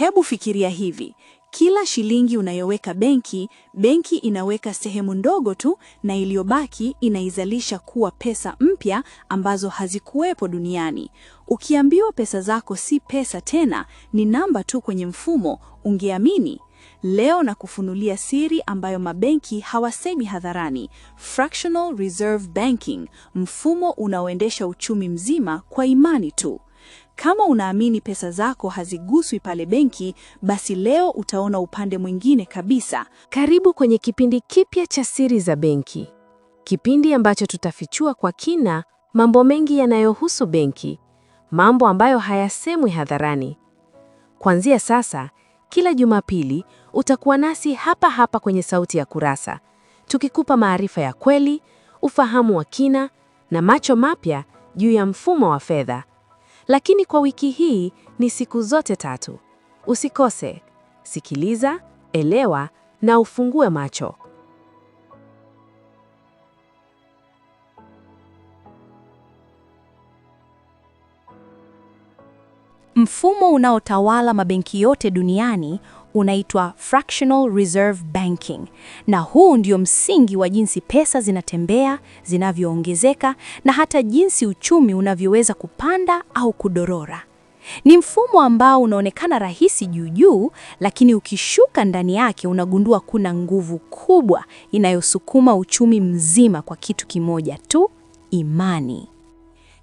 Hebu fikiria hivi, kila shilingi unayoweka benki, benki inaweka sehemu ndogo tu na iliyobaki inaizalisha kuwa pesa mpya ambazo hazikuwepo duniani. Ukiambiwa pesa zako si pesa tena, ni namba tu kwenye mfumo, ungeamini? Leo na kufunulia siri ambayo mabenki hawasemi hadharani: Fractional Reserve Banking, mfumo unaoendesha uchumi mzima kwa imani tu. Kama unaamini pesa zako haziguswi pale benki, basi leo utaona upande mwingine kabisa. Karibu kwenye kipindi kipya cha Siri za Benki, kipindi ambacho tutafichua kwa kina mambo mengi yanayohusu benki, mambo ambayo hayasemwi hadharani. Kuanzia sasa, kila Jumapili utakuwa nasi hapa hapa kwenye Sauti ya Kurasa, tukikupa maarifa ya kweli, ufahamu wa kina na macho mapya juu ya mfumo wa fedha lakini kwa wiki hii ni siku zote tatu. Usikose, sikiliza, elewa na ufungue macho. Mfumo unaotawala mabenki yote duniani unaitwa fractional reserve banking, na huu ndio msingi wa jinsi pesa zinatembea, zinavyoongezeka na hata jinsi uchumi unavyoweza kupanda au kudorora. Ni mfumo ambao unaonekana rahisi juu juu, lakini ukishuka ndani yake unagundua kuna nguvu kubwa inayosukuma uchumi mzima kwa kitu kimoja tu, imani.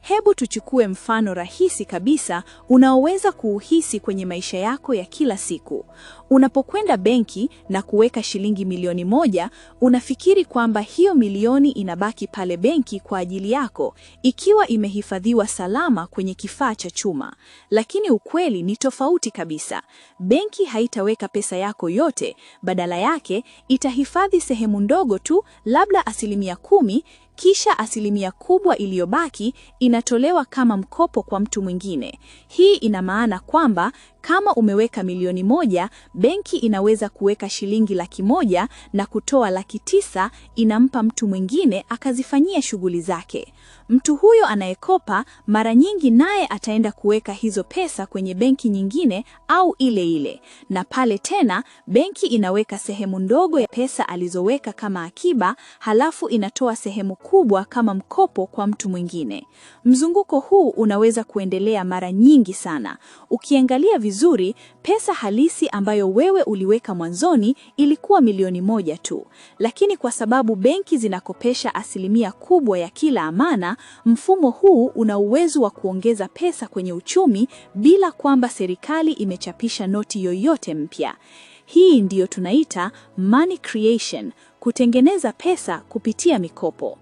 Hebu tuchukue mfano rahisi kabisa unaoweza kuuhisi kwenye maisha yako ya kila siku. Unapokwenda benki na kuweka shilingi milioni moja, unafikiri kwamba hiyo milioni inabaki pale benki kwa ajili yako, ikiwa imehifadhiwa salama kwenye kifaa cha chuma. Lakini ukweli ni tofauti kabisa. Benki haitaweka pesa yako yote, badala yake itahifadhi sehemu ndogo tu, labda asilimia kumi kisha asilimia kubwa iliyobaki inatolewa kama mkopo kwa mtu mwingine. Hii ina maana kwamba kama umeweka milioni moja, benki inaweza kuweka shilingi laki moja na kutoa laki tisa, inampa mtu mwingine akazifanyia shughuli zake. Mtu huyo anayekopa mara nyingi naye ataenda kuweka hizo pesa kwenye benki nyingine au ile ile, na pale tena benki inaweka sehemu ndogo ya pesa alizoweka kama akiba, halafu inatoa sehemu kubwa kama mkopo kwa mtu mwingine. Mzunguko huu unaweza kuendelea mara nyingi sana. Ukiangalia vizuri vizuri, pesa halisi ambayo wewe uliweka mwanzoni ilikuwa milioni moja tu, lakini kwa sababu benki zinakopesha asilimia kubwa ya kila amana, mfumo huu una uwezo wa kuongeza pesa kwenye uchumi bila kwamba serikali imechapisha noti yoyote mpya. Hii ndiyo tunaita money creation, kutengeneza pesa kupitia mikopo.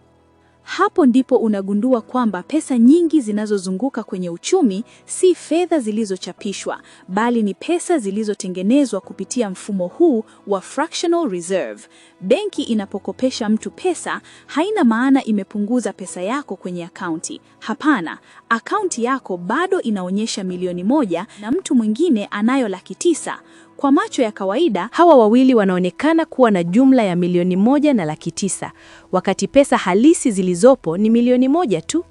Hapo ndipo unagundua kwamba pesa nyingi zinazozunguka kwenye uchumi si fedha zilizochapishwa, bali ni pesa zilizotengenezwa kupitia mfumo huu wa fractional reserve. Benki inapokopesha mtu pesa, haina maana imepunguza pesa yako kwenye akaunti. Hapana, akaunti yako bado inaonyesha milioni moja na mtu mwingine anayo laki tisa. Kwa macho ya kawaida, hawa wawili wanaonekana kuwa na jumla ya milioni moja na laki tisa, wakati pesa halisi zilizopo ni milioni moja tu.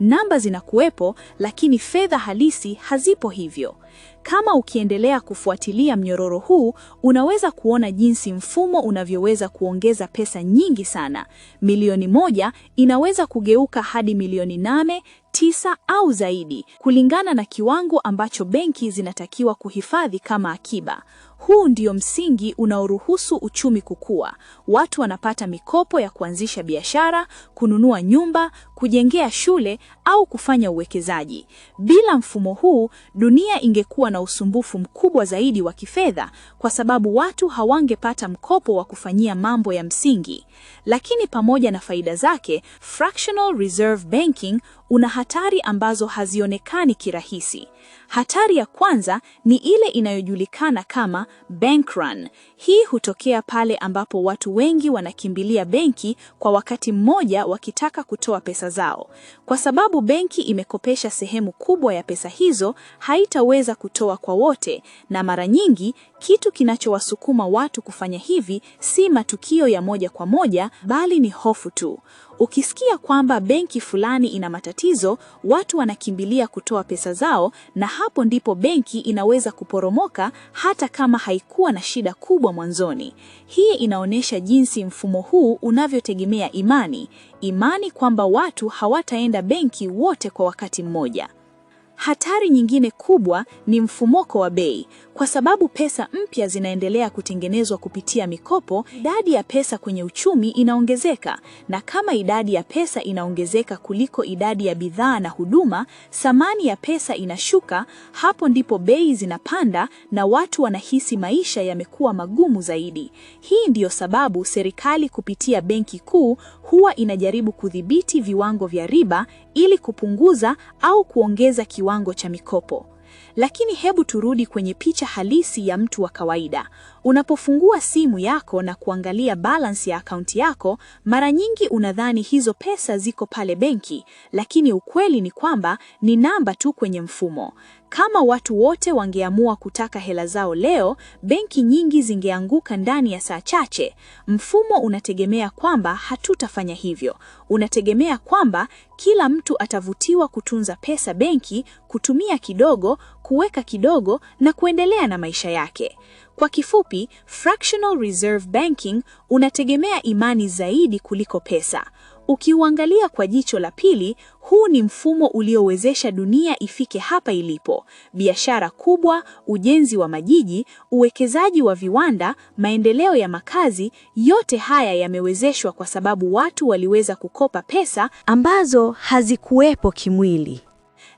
Namba zinakuwepo, lakini fedha halisi hazipo hivyo. Kama ukiendelea kufuatilia mnyororo huu, unaweza kuona jinsi mfumo unavyoweza kuongeza pesa nyingi sana. Milioni moja inaweza kugeuka hadi milioni nane, tisa au zaidi, kulingana na kiwango ambacho benki zinatakiwa kuhifadhi kama akiba. Huu ndio msingi unaoruhusu uchumi kukua. Watu wanapata mikopo ya kuanzisha biashara, kununua nyumba, kujengea shule au kufanya uwekezaji. Bila mfumo huu, dunia ingekuwa na usumbufu mkubwa zaidi wa kifedha kwa sababu watu hawangepata mkopo wa kufanyia mambo ya msingi. Lakini pamoja na faida zake, fractional reserve banking una hatari ambazo hazionekani kirahisi. Hatari ya kwanza ni ile inayojulikana kama bank run. Hii hutokea pale ambapo watu wengi wanakimbilia benki kwa wakati mmoja wakitaka kutoa pesa zao. Kwa sababu benki imekopesha sehemu kubwa ya pesa hizo, haitaweza kutoa kwa wote, na mara nyingi kitu kinachowasukuma watu kufanya hivi si matukio ya moja kwa moja, bali ni hofu tu. Ukisikia kwamba benki fulani ina matatizo, watu wanakimbilia kutoa pesa zao na hapo ndipo benki inaweza kuporomoka hata kama haikuwa na shida kubwa mwanzoni. Hii inaonyesha jinsi mfumo huu unavyotegemea imani, imani kwamba watu hawataenda benki wote kwa wakati mmoja. Hatari nyingine kubwa ni mfumuko wa bei. Kwa sababu pesa mpya zinaendelea kutengenezwa kupitia mikopo, idadi ya pesa kwenye uchumi inaongezeka, na kama idadi ya pesa inaongezeka kuliko idadi ya bidhaa na huduma, thamani ya pesa inashuka. Hapo ndipo bei zinapanda na watu wanahisi maisha yamekuwa magumu zaidi. Hii ndiyo sababu serikali kupitia Benki Kuu huwa inajaribu kudhibiti viwango vya riba ili kupunguza au kuongeza kiwango kiwango cha mikopo. Lakini hebu turudi kwenye picha halisi ya mtu wa kawaida. Unapofungua simu yako na kuangalia balance ya akaunti yako, mara nyingi unadhani hizo pesa ziko pale benki, lakini ukweli ni kwamba ni namba tu kwenye mfumo. Kama watu wote wangeamua kutaka hela zao leo, benki nyingi zingeanguka ndani ya saa chache. Mfumo unategemea kwamba hatutafanya hivyo. Unategemea kwamba kila mtu atavutiwa kutunza pesa benki, kutumia kidogo, kuweka kidogo na kuendelea na maisha yake. Kwa kifupi, fractional reserve banking unategemea imani zaidi kuliko pesa. Ukiuangalia kwa jicho la pili, huu ni mfumo uliowezesha dunia ifike hapa ilipo: biashara kubwa, ujenzi wa majiji, uwekezaji wa viwanda, maendeleo ya makazi. Yote haya yamewezeshwa kwa sababu watu waliweza kukopa pesa ambazo hazikuwepo kimwili.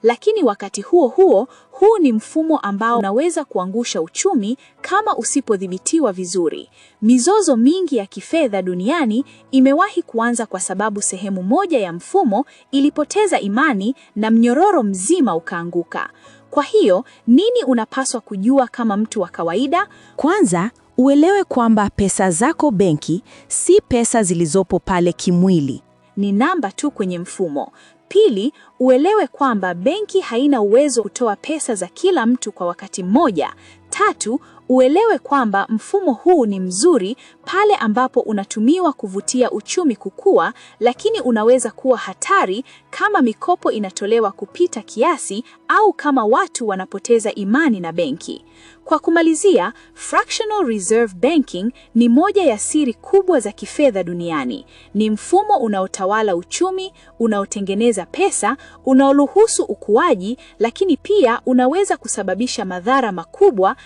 Lakini wakati huo huo, huu ni mfumo ambao unaweza kuangusha uchumi kama usipodhibitiwa vizuri. Mizozo mingi ya kifedha duniani imewahi kuanza kwa sababu sehemu moja ya mfumo ilipoteza imani na mnyororo mzima ukaanguka. Kwa hiyo, nini unapaswa kujua kama mtu wa kawaida? Kwanza, uelewe kwamba pesa zako benki si pesa zilizopo pale kimwili. Ni namba tu kwenye mfumo. Pili, uelewe kwamba benki haina uwezo kutoa pesa za kila mtu kwa wakati mmoja. Tatu, uelewe kwamba mfumo huu ni mzuri pale ambapo unatumiwa kuvutia uchumi kukua, lakini unaweza kuwa hatari kama mikopo inatolewa kupita kiasi au kama watu wanapoteza imani na benki. Kwa kumalizia, fractional reserve banking ni moja ya siri kubwa za kifedha duniani. Ni mfumo unaotawala uchumi, unaotengeneza za pesa unaoruhusu ukuaji, lakini pia unaweza kusababisha madhara makubwa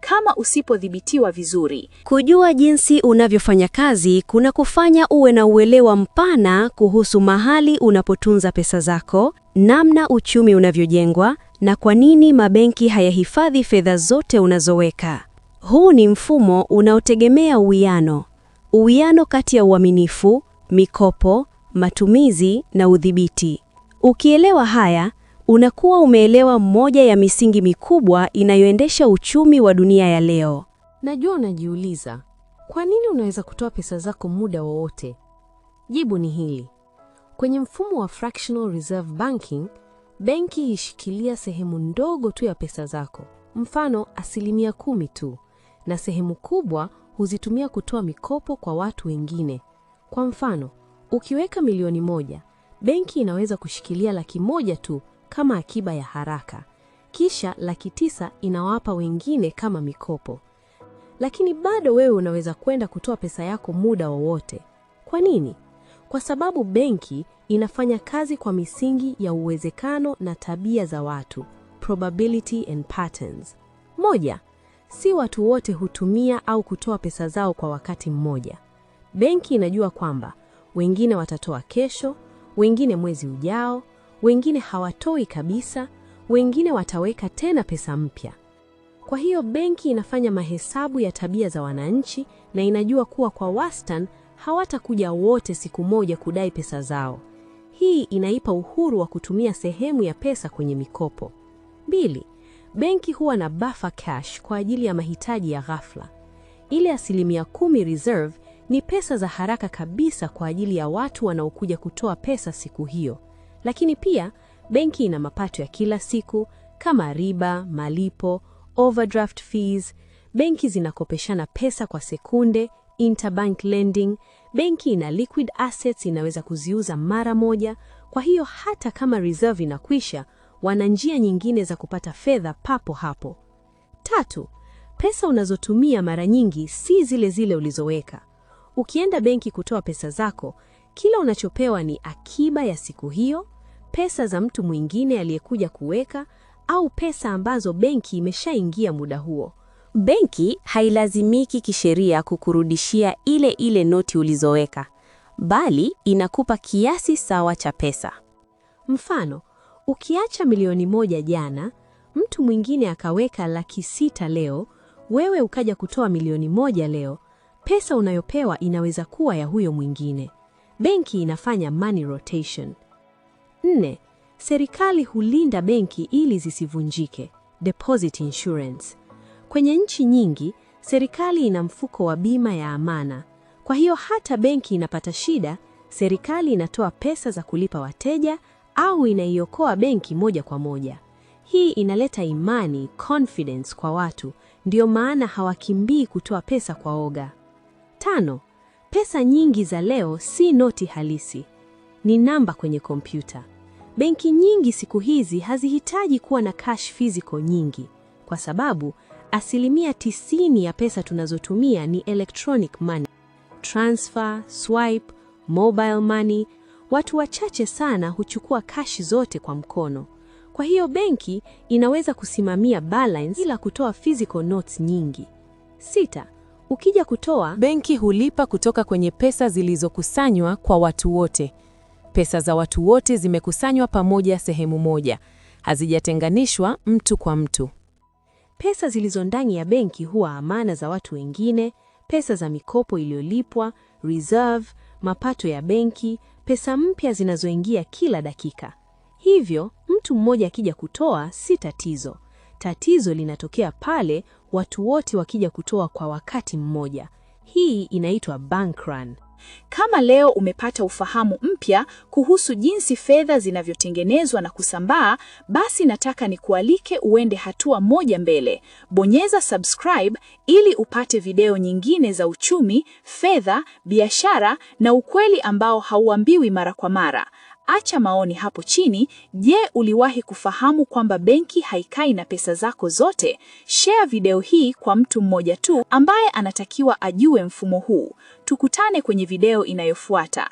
kama usipodhibitiwa vizuri. Kujua jinsi unavyofanya kazi kuna kufanya uwe na uelewa mpana kuhusu mahali unapotunza pesa zako, namna uchumi unavyojengwa na kwa nini mabenki hayahifadhi fedha zote unazoweka. Huu ni mfumo unaotegemea uwiano, uwiano kati ya uaminifu, mikopo matumizi na udhibiti. Ukielewa haya, unakuwa umeelewa moja ya misingi mikubwa inayoendesha uchumi wa dunia ya leo. Najua unajiuliza, kwa nini unaweza kutoa pesa zako muda wowote? Jibu ni hili. Kwenye mfumo wa fractional reserve banking, benki hishikilia sehemu ndogo tu ya pesa zako, mfano asilimia kumi tu, na sehemu kubwa huzitumia kutoa mikopo kwa watu wengine. Kwa mfano, Ukiweka milioni moja, benki inaweza kushikilia laki moja tu kama akiba ya haraka, kisha laki tisa inawapa wengine kama mikopo. Lakini bado wewe unaweza kwenda kutoa pesa yako muda wowote. Kwa nini? Kwa sababu benki inafanya kazi kwa misingi ya uwezekano na tabia za watu, probability and patterns. Moja, si watu wote hutumia au kutoa pesa zao kwa wakati mmoja. Benki inajua kwamba wengine watatoa kesho, wengine mwezi ujao, wengine hawatoi kabisa, wengine wataweka tena pesa mpya. Kwa hiyo benki inafanya mahesabu ya tabia za wananchi na inajua kuwa kwa wastani hawatakuja wote siku moja kudai pesa zao. Hii inaipa uhuru wa kutumia sehemu ya pesa kwenye mikopo. Bili, benki huwa na buffer cash kwa ajili ya mahitaji ya ghafla. Ile asilimia kumi reserve ni pesa za haraka kabisa kwa ajili ya watu wanaokuja kutoa pesa siku hiyo, lakini pia benki ina mapato ya kila siku kama riba, malipo, overdraft fees. Benki zinakopeshana pesa kwa sekunde, interbank lending. Benki ina liquid assets, inaweza kuziuza mara moja. Kwa hiyo hata kama reserve inakwisha, wana njia nyingine za kupata fedha papo hapo. Tatu, pesa unazotumia mara nyingi si zile zile ulizoweka. Ukienda benki kutoa pesa zako, kila unachopewa ni akiba ya siku hiyo, pesa za mtu mwingine aliyekuja kuweka au pesa ambazo benki imeshaingia muda huo. Benki hailazimiki kisheria kukurudishia ile ile noti ulizoweka, bali inakupa kiasi sawa cha pesa. Mfano, ukiacha milioni moja jana, mtu mwingine akaweka laki sita leo, wewe ukaja kutoa milioni moja leo pesa unayopewa inaweza kuwa ya huyo mwingine. Benki inafanya money rotation. Nne, serikali hulinda benki ili zisivunjike, deposit insurance. Kwenye nchi nyingi, serikali ina mfuko wa bima ya amana. Kwa hiyo hata benki inapata shida, serikali inatoa pesa za kulipa wateja au inaiokoa benki moja kwa moja. Hii inaleta imani, confidence kwa watu, ndio maana hawakimbii kutoa pesa kwa oga. Tano, pesa nyingi za leo si noti halisi, ni namba kwenye kompyuta. Benki nyingi siku hizi hazihitaji kuwa na cash physical nyingi, kwa sababu asilimia tisini ya pesa tunazotumia ni electronic money, transfer, swipe, mobile money. Watu wachache sana huchukua cash zote kwa mkono. Kwa hiyo benki inaweza kusimamia balance bila kutoa physical notes nyingi. Sita, Ukija kutoa, benki hulipa kutoka kwenye pesa zilizokusanywa kwa watu wote. Pesa za watu wote zimekusanywa pamoja sehemu moja, hazijatenganishwa mtu kwa mtu. Pesa zilizo ndani ya benki huwa amana za watu wengine, pesa za mikopo iliyolipwa, reserve, mapato ya benki, pesa mpya zinazoingia kila dakika. Hivyo mtu mmoja akija kutoa si tatizo. Tatizo linatokea pale watu wote wakija kutoa kwa wakati mmoja. Hii inaitwa bank run. Kama leo umepata ufahamu mpya kuhusu jinsi fedha zinavyotengenezwa na kusambaa, basi nataka nikualike uende hatua moja mbele. Bonyeza subscribe ili upate video nyingine za uchumi, fedha, biashara na ukweli ambao hauambiwi mara kwa mara. Acha maoni hapo chini. Je, uliwahi kufahamu kwamba benki haikai na pesa zako zote? Share video hii kwa mtu mmoja tu ambaye anatakiwa ajue mfumo huu. Tukutane kwenye video inayofuata.